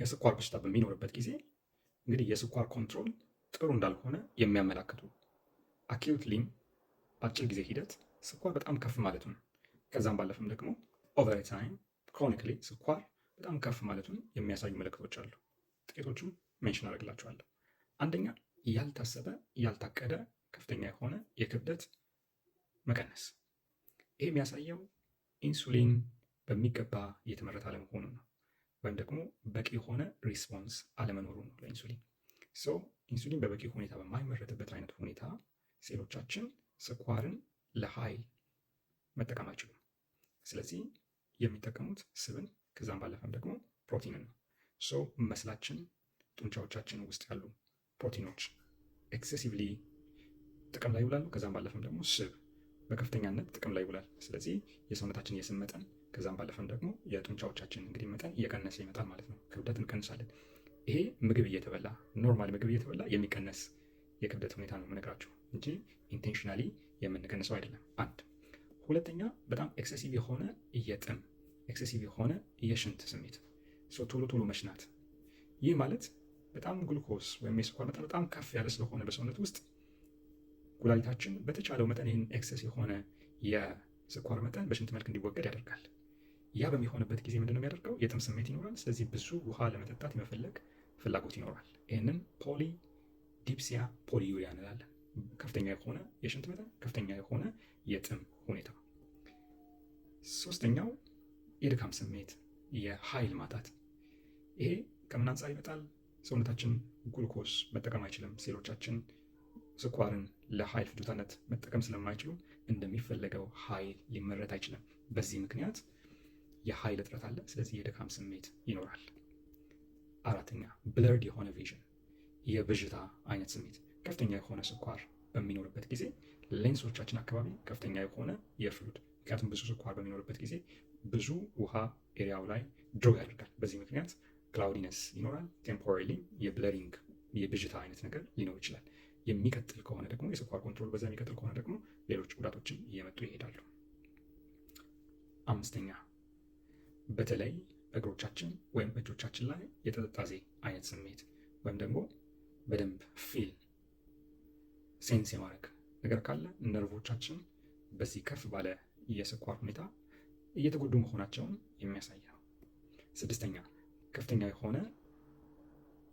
የስኳር በሽታ በሚኖርበት ጊዜ እንግዲህ የስኳር ኮንትሮል ጥሩ እንዳልሆነ የሚያመላክቱ አኪዩት ሊም በአጭር ጊዜ ሂደት ስኳር በጣም ከፍ ማለቱን ከዛም ባለፈም ደግሞ ኦቨር ታይም ክሮኒክሊ ስኳር በጣም ከፍ ማለቱን የሚያሳዩ ምልክቶች አሉ። ጥቂቶቹም ሜንሽን አደርግላቸዋለሁ። አንደኛ ያልታሰበ ያልታቀደ ከፍተኛ የሆነ የክብደት መቀነስ። ይህ የሚያሳየው ኢንሱሊን በሚገባ እየተመረተ አለመሆኑ ነው። ወይም ደግሞ በቂ የሆነ ሪስፖንስ አለመኖሩ ነው ለኢንሱሊን። ሶ ኢንሱሊን በበቂ ሁኔታ በማይመረትበት አይነት ሁኔታ ሴሎቻችን ስኳርን ለኃይል መጠቀም አይችሉም። ስለዚህ የሚጠቀሙት ስብን ከዛም ባለፈም ደግሞ ፕሮቲንን ነው። ሶ መስላችን፣ ጡንቻዎቻችን ውስጥ ያሉ ፕሮቲኖች ኤክሴሲቭሊ ጥቅም ላይ ይውላሉ። ከዛም ባለፈም ደግሞ ስብ በከፍተኛነት ጥቅም ላይ ይውላል። ስለዚህ የሰውነታችን የስብ መጠን ከዛም ባለፈም ደግሞ የጡንቻዎቻችን እንግዲህ መጠን እየቀነሰ ይመጣል ማለት ነው። ክብደት እንቀንሳለን። ይሄ ምግብ እየተበላ ኖርማል ምግብ እየተበላ የሚቀነስ የክብደት ሁኔታ ነው የምነግራችሁ እንጂ ኢንቴንሽናሊ የምንቀንሰው አይደለም። አንድ ሁለተኛ፣ በጣም ኤክሴሲቭ የሆነ የጥም ኤክሴሲቭ የሆነ የሽንት ስሜት ቶሎ ቶሎ መሽናት። ይህ ማለት በጣም ግሉኮስ ወይም የስኳር መጠን በጣም ከፍ ያለ ስለሆነ በሰውነት ውስጥ ኩላሊታችን በተቻለው መጠን ይህን ኤክሰስ የሆነ ስኳር መጠን በሽንት መልክ እንዲወገድ ያደርጋል። ያ በሚሆንበት ጊዜ ምንድነው የሚያደርገው? የጥም ስሜት ይኖራል። ስለዚህ ብዙ ውሃ ለመጠጣት የመፈለግ ፍላጎት ይኖራል። ይህንን ፖሊ ዲፕሲያ ፖሊዩሪያ እንላለን። ከፍተኛ የሆነ የሽንት መጠን፣ ከፍተኛ የሆነ የጥም ሁኔታ። ሶስተኛው የድካም ስሜት፣ የኃይል ማጣት። ይሄ ከምን አንጻር ይመጣል? ሰውነታችን ጉልኮስ መጠቀም አይችልም። ሴሎቻችን ስኳርን ለኃይል ፍጆታነት መጠቀም ስለማይችሉ እንደሚፈለገው ኃይል ሊመረት አይችልም። በዚህ ምክንያት የኃይል እጥረት አለ። ስለዚህ የድካም ስሜት ይኖራል። አራተኛ ብለርድ የሆነ ቪዥን፣ የብዥታ አይነት ስሜት ከፍተኛ የሆነ ስኳር በሚኖርበት ጊዜ ሌንሶቻችን አካባቢ ከፍተኛ የሆነ የፍሉድ ምክንያቱም ብዙ ስኳር በሚኖርበት ጊዜ ብዙ ውሃ ኤሪያው ላይ ድሮ ያደርጋል። በዚህ ምክንያት ክላውዲነስ ይኖራል። ቴምፖራሪ የብለሪንግ የብዥታ አይነት ነገር ሊኖር ይችላል። የሚቀጥል ከሆነ ደግሞ የስኳር ኮንትሮል በዛ የሚቀጥል ከሆነ ደግሞ ሌሎች ጉዳቶችን እየመጡ ይሄዳሉ። አምስተኛ በተለይ እግሮቻችን ወይም እጆቻችን ላይ የተጠጣዜ አይነት ስሜት ወይም ደግሞ በደንብ ፊል ሴንስ የማድረግ ነገር ካለ ነርቮቻችን በዚህ ከፍ ባለ የስኳር ሁኔታ እየተጎዱ መሆናቸውን የሚያሳይ ነው። ስድስተኛ ከፍተኛ የሆነ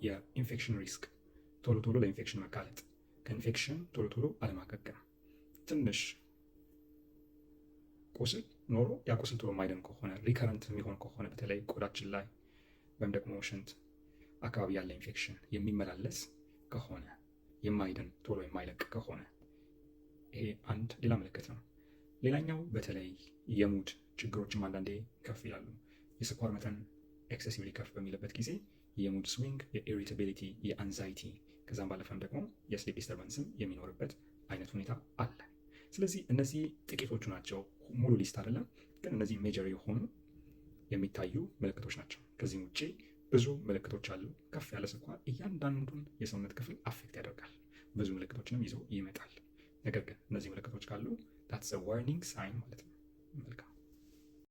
የኢንፌክሽን ሪስክ ቶሎ ቶሎ ለኢንፌክሽን መጋለጥ ከኢንፌክሽን ቶሎ ቶሎ አለማገገም፣ ትንሽ ቁስል ኖሮ ያ ቁስል ቶሎ ማይደን ከሆነ ሪከረንት የሚሆን ከሆነ በተለይ ቆዳችን ላይ ወይም ደግሞ ሽንት አካባቢ ያለ ኢንፌክሽን የሚመላለስ ከሆነ የማይደን ቶሎ የማይለቅ ከሆነ ይሄ አንድ ሌላ ምልክት ነው። ሌላኛው በተለይ የሙድ ችግሮችም አንዳንዴ ከፍ ይላሉ። የስኳር መጠን ኤክሰሲቭሊ ከፍ በሚልበት ጊዜ የሙድ ስዊንግ፣ የኢሪታቢሊቲ፣ የአንዛይቲ ከዛም ባለፈም ደግሞ የስሊፕ ዲስተርባንስም የሚኖርበት አይነት ሁኔታ አለ። ስለዚህ እነዚህ ጥቂቶቹ ናቸው። ሙሉ ሊስት አይደለም፣ ግን እነዚህ ሜጀር የሆኑ የሚታዩ ምልክቶች ናቸው። ከዚህም ውጭ ብዙ ምልክቶች አሉ። ከፍ ያለ ስኳር እያንዳንዱን የሰውነት ክፍል አፌክት ያደርጋል፣ ብዙ ምልክቶችንም ይዞ ይመጣል። ነገር ግን እነዚህ ምልክቶች ካሉ ዳትስ ዋርኒንግ ሳይን ማለት ነው። መልካም